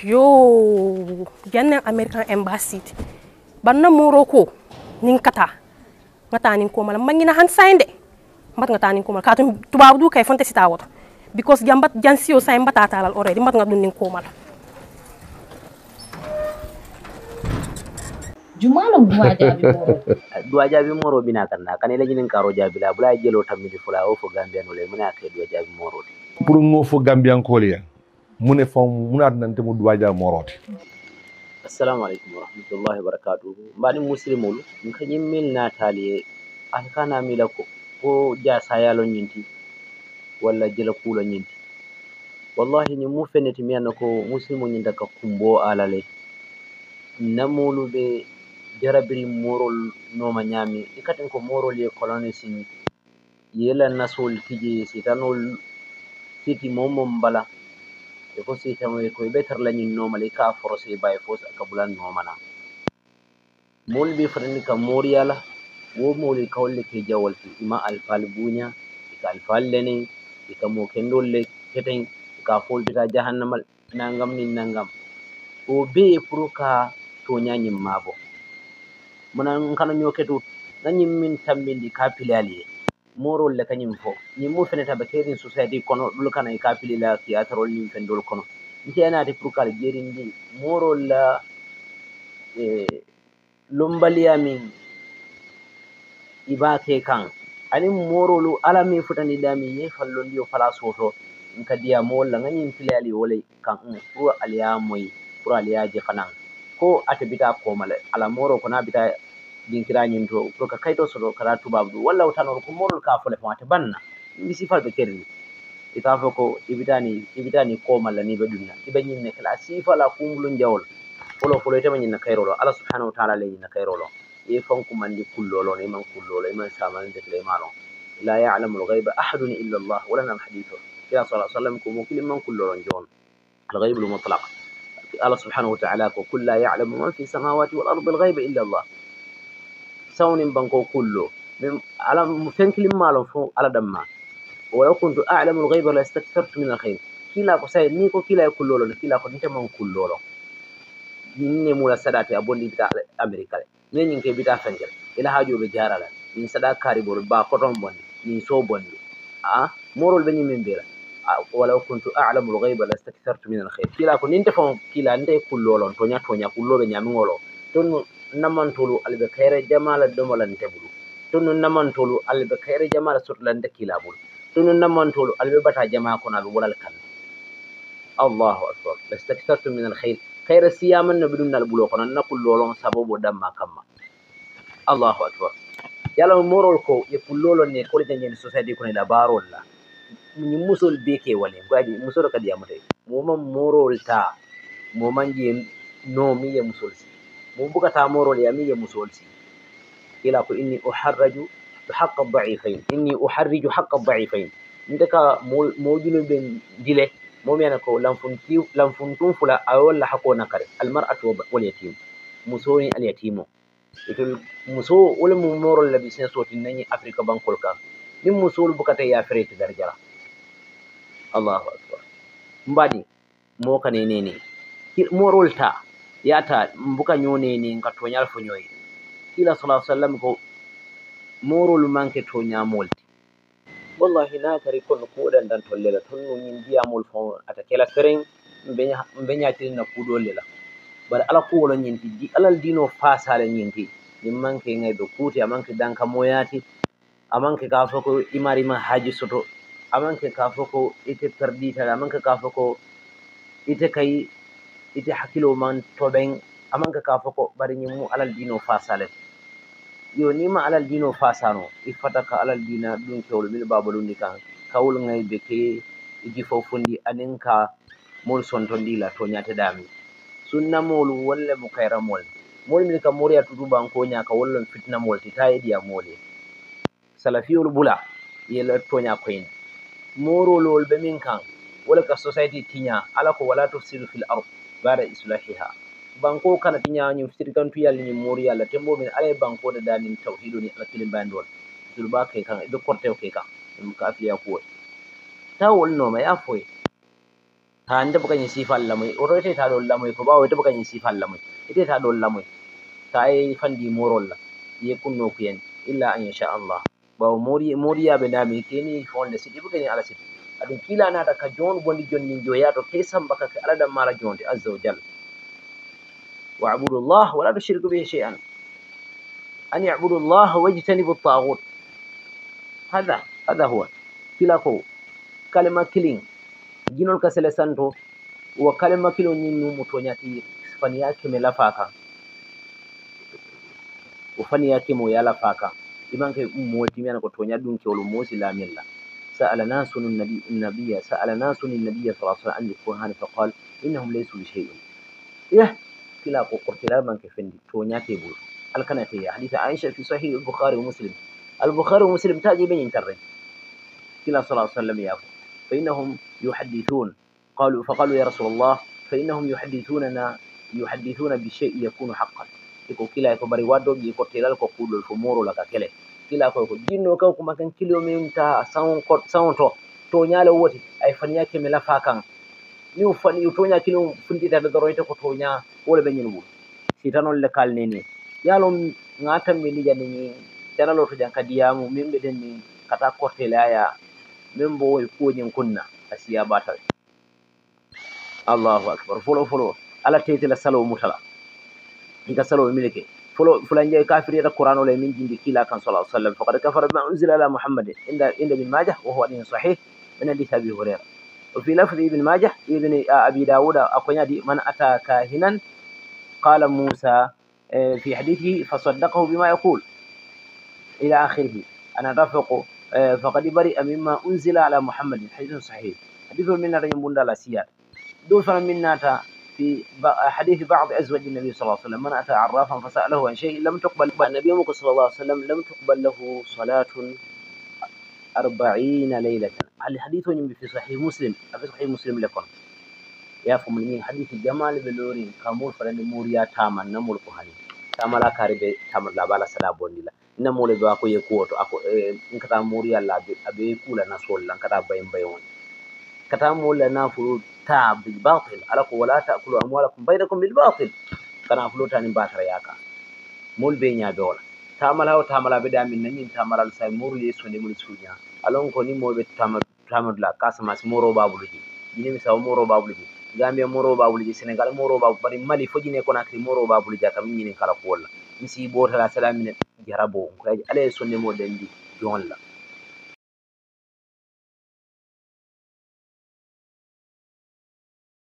yo jannan american embassy banna morocco nin kata ngata nin ko mala mangina han sainde mbat ngata nin ko mala katum tubabu du kay fonte sita woto because jambat jansio say mbata talal already mat ngadun nin ko mala jumalo dua jabi moro dua jabi moro bina kan kanela jinin karo jabi la bula jelo tammi fula o fo gambian ole muna kay dua jabi moro de pour ngo fo gambian ko le ya. mune munat nante mu duwaja moroti assalamu aleykum warahmatullahi wabarakatuhu mbaɗi musilimolu min ka ñimmil natali mila ko ko jasayalo ñinti walla jela kuulo ñinti wallahi ni mu feneti miyanna ko musilimo ñinta ka kumbo alale namolu ɓe jarabiri morol noma ñaami i katen ko morol ye kolone sin yela nasol tije sitanol siti momom mbala Ekosi tamwe ko better lani normally ka force by force akabulan nomana. Mol bi fadani ka moriala wo moli kawle ke jawal ki ima alfal bunya ka alfal lene ka mo kendol le keten ka fol ta jahannamal nangam ni nangam. O be pro ka to nyanyim mabo. Muna kana nyoketu nanyim min tambindi ka pilali. morol le kañum fo ñin mo e fenata bacterin society e kono ɗol kana e kapilila kiyatarol ñin fendol e kono nteyanate pour kala jerindi morol la e lombaliya min ibake kan anin morolu ala min futaniɗami ye fallondi o place oto n kadiya mowolla gañin ali wole kan mm, pour aliya moyi pour aliyaje fanan ko ata bita komala ala moro kona bita jinkirañin to pour ka kayto soto kara tubabu ɗum walla tanor ko morol ka fole famate banna ɗi sifal ɓe kerni i fo ko ibitani ibitani komalla ni ɓe ɗumna iɓe ñinne kala sifala kumbulum jawol folo folo itema ñinna kayrolo ala subhanahu wa taala le ñinna kayrolo ye fanku mandi kullolo no iman kullolo iman samanindetele imalon la yalamu lgayba ahadun illa llah walanam haditho kila sa sallam ko mo man kullolon jowon algaybu lmutlak allah subhanahu wa taala ko kul la yalamu man fi samawati wal ardi lgayba illa sawnin banko kullo min ala fenkilin malon fo aladamma walakun to alamul gaiba la stakartu min alkhair kila ko sai ni ko kila e kullolo ne kila ko nite man kullolo ninne mula sadate a bondi bita america le min ñin ke bita fenkel ila hajoɓe jarala min saɗa karibol ba koton bonni min so bonni a morol ɓe ñimmin bela wala kuntu alamul gaiba la stakartu min alkhair kila ko ninte fo kila nite kullolon toña toña kulloɓe ñamigolo tunnu namantolu albe kayre jamala domolante bulu tunnu namantolu albe kayre jamala sotlande kilabulu tunnu namantolu albe bata jama kona be wolal kan allahu akbar lestakfartu min alkhayr kayre siyaman no ɓiɗumnal ɓulo kono nakul lolon sabobo damma kamma allahu akbar yala morol ko yeppu lolon ne kole jangeni société kono ɗa barol la ñi musol beke wale gaji musoro kadi yamatay momam morol ta momanje nomiye musol si mo bukata morol yami yemu solsi ila ko inni uharraju haqa daifain inni uharriju haqa daifain inde ka mojunuɓe dile momiyana ko lanfuntum fula a walla hakonakare almar'atu walyatim musoni alyatimo etol muso wole mu morol labi sen sotinnani africa bankol ka min musol bukata yafirete darjara allahu akbar mbadi mokanenene morol ta yata mbuka nyoneni nga toñal fo ñoyi kila sa sallam ko morolu manke to ñamolti wallahi na kari kono kuɗan dan ton lela ton nu min mbiyamol fo ata kela feren mbe ñatirinna kuɗo lela bara ala kuwolo ñinti di alal dino fasale ñinti min manke ngay ɗo kuti amanke danka moyati amanke ka fo ko imarima haji soto amanke ka fo ko ite perdita amanke ka fo ko ite kayi ite hakkilo man to ɓen amanka ka foko bari nyimmu alal dino fasalen yo ni ma alal dino fasano ifata ka alal dina ɗum kewol min babo ɗum ni kan kawol ngay be ke iji fo fundi anen ka mol sonto ndila to nyate dami sunna mol wolle mo kayra mol mol min ka moriya tudu ban ko nya ka wolle fitna mol ti ta ediya mole salafiyol bula yela to nya koyin morolol be min kan walaka society tinya ala ko wala tufsidu fil ard ba'da islahiha banko kana tinya nyu fsirkan tu yal ni moriya la tembo min ala banko da danin tauhidu ni ala kilin bandol dul ba kai kan duk korte kai kan dum ka afiya ko ta wol no ma ta anda bukan sifa sifal lamai oro ta dol lamai ko ba ta bukan ni sifal lamai ite ta dol lamai ta ai e fandi morol la ye kunno kuyen illa an insha Allah ba moriya be da me ni fon da sidi bukan ala sidi aɗum filanata ka jon wondi joni min joyato kesam baka ka alaɗam mara jonde azza wa jalla wabudu llah wala tushiriku bihi shey an an yabudu llah wajtanibu taghut hada hada huwa kila ko kalima kilin ginol ka sele santo wa kalima kilo ñin numu toñati faniya keme lafa kan o faniya keme o yalafa kan imanke moti miyana ko toñat ɗum kewol mosi lamin la سأل ناس النبي النبي سأل ناس النبي صلى الله عليه وسلم عن الكهان فقال إنهم ليسوا بشيء إيه كلا قرت لا من كفن تونيا تيبول الكناتية حديث عائشة في صحيح البخاري ومسلم البخاري ومسلم تاجي بين انترين كلا صلى الله عليه وسلم يا فإنهم يحدثون قالوا فقالوا يا رسول الله فإنهم يحدثوننا يحدثون بشيء يكون حقا يقول كلا يكبر وادو يكون تلال كقول الفمور ولا كله hakkila koyko jinno kan kuma kan kilomin ta sawonto to nyala woti ay faniya keme lafa kan niu fani toña kilom fundidata doroyte ko toña wolo ɓe ñinbu sitanolle kalnini yalom ga tammi lijani ni janaloto jan kadiyamu min ɓeɗen ni kata kortelaya min bo kuwoñin kunna a siya batal allahu acbar folo folo ala tetila salo mutala iga salo milke fulanje kafirira kuranola min jindi kila kan sala sallam faqad kafara bima unzila ala muhammadin inda ibn maja wahuwa adihin sahih min adith abi huraira wofi lafdi ibn maja ibn abi dauda akoñadi man ata kahinan qala musa e, fi hadithihi fa saddakahu bima yaqul ila akhirihi ana rafoko e, faqad bari a mima unzila ala muhammadin hadithun sahih hadithol min nata yimbundala siyat ɗum fana min nata في حديث بعض أزواج النبي صلى الله عليه وسلم من أتى عرافا فسأله عن شيء لم تقبل النبي صلى الله عليه وسلم لم تقبل له صلاة أربعين ليلة الحديث في صحيح مسلم في صحيح مسلم لكم يا فمني حديث جمال بلورين كامور فلان موريا تاما نمول كهاني تاما لا كاربي تاما لا بالا سلا بونديلا نمول دو أكو يكوتو أكو إيه، إنكتا موريا لا أبي كولا نسول لانكتا بايم بايون كتامو لنا فلو تا بالباطل ألكو ولا تأكلوا أموالكم بينكم بالباطل كنا فلو تاني باشر ياكا مول بينيا دولا tamala o tamala ɓe ɗamin nañin tamaral sa morul yeeso ndemol suuña alon ko ni moɓe tamadula kasama si moro babuluji jinemi sawo moro babuluji gambia moro babuluji sénégal moro babu bari mali fo jine konakri moro babuluji a kamin ñinin kala ko wolla mi si ɓotala salamine jarabo koyaji ala e sondemo ɗen ndi jonla